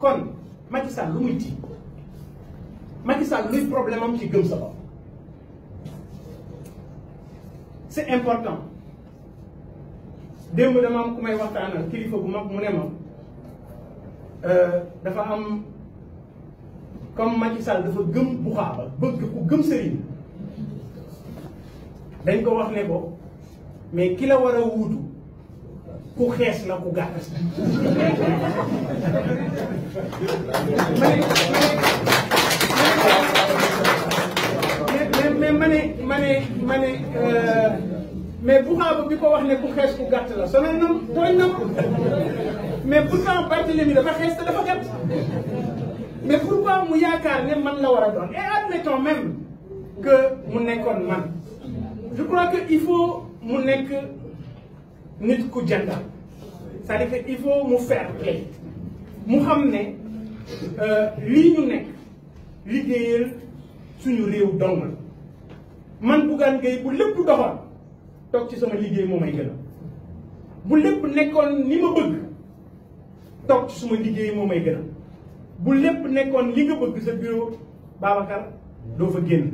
kon Macky Sall lu muy tiit Macky luy problème am ci gëm sa bopp c'est important démb dama am ku may waxtaanal kilifa bu mag mu ne ma euh, dafa am comme Macky Sall dafa gëm buxaaba bëgg ku gëm sëriñ dañ ko wax ne mais ki la war a wuutu ku xees la ku gàtt mais ma ne ma ne ma ne euh, bi ko wax ne ku xees ku gàtt la sonal na tooñ na mais pourtant Barthélemy dafa xees te dafa gàtt mais pourquoi mu yaakaar ne man la war a doon et admettons même que mu nekkoon man je crois il faut mu nekk nit ku jantal cest à il faut mu fair mu xam ne euh, lii ñu nekk liggéeyal suñu réew dong la man Bougane Gueye bu lépp doxal toog ci sama liggéey moo may gën a bu lépp nekkoon ni ma bëgg toog ci suma liggéey moom may gën bu lépp nekkoon li nga bëgg sa bureau Babacar doo fa génn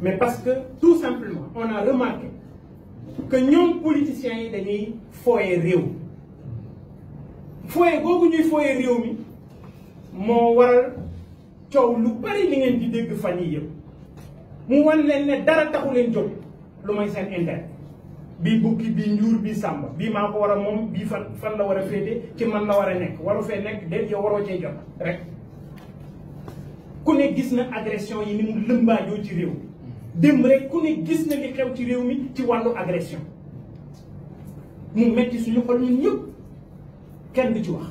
mais parce que tout simplement on a remarqué que ñoom politiciens yi dañuy fooye réew fooye googu ñuy fooye réew mi moo waral coow lu bari li ngeen di dégg fan yi yëpp mu wan leen ne dara taxu leen jóg lu may seen intérêt bii bukki bii njuur bii sàmba bii maa ko war a moom bii fan fan la war a féete ci man la war a nekk waru fee nekk déet yow waroo cee jot rek ku ne gis na agression yi ni mu ci réew démb rek ku ne gis na li xew ci réew mi ci wàllu agression mu metti suñu xol ñun ñëpp kenn du ci wax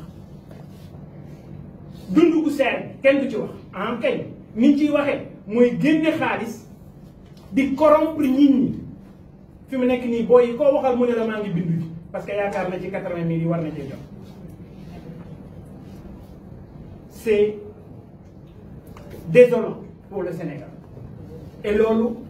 dund gu seer kenn du ci wax en ah, kañ ni ciy waxee mooy génne xaalis di corrompre nit ñi fi mu nekk nii booy yi koo waxal mu ne la ngi bindu ji parce que yaakaar na ci quatre mi mille yi war na cee c'est désolant pour le Sénégal et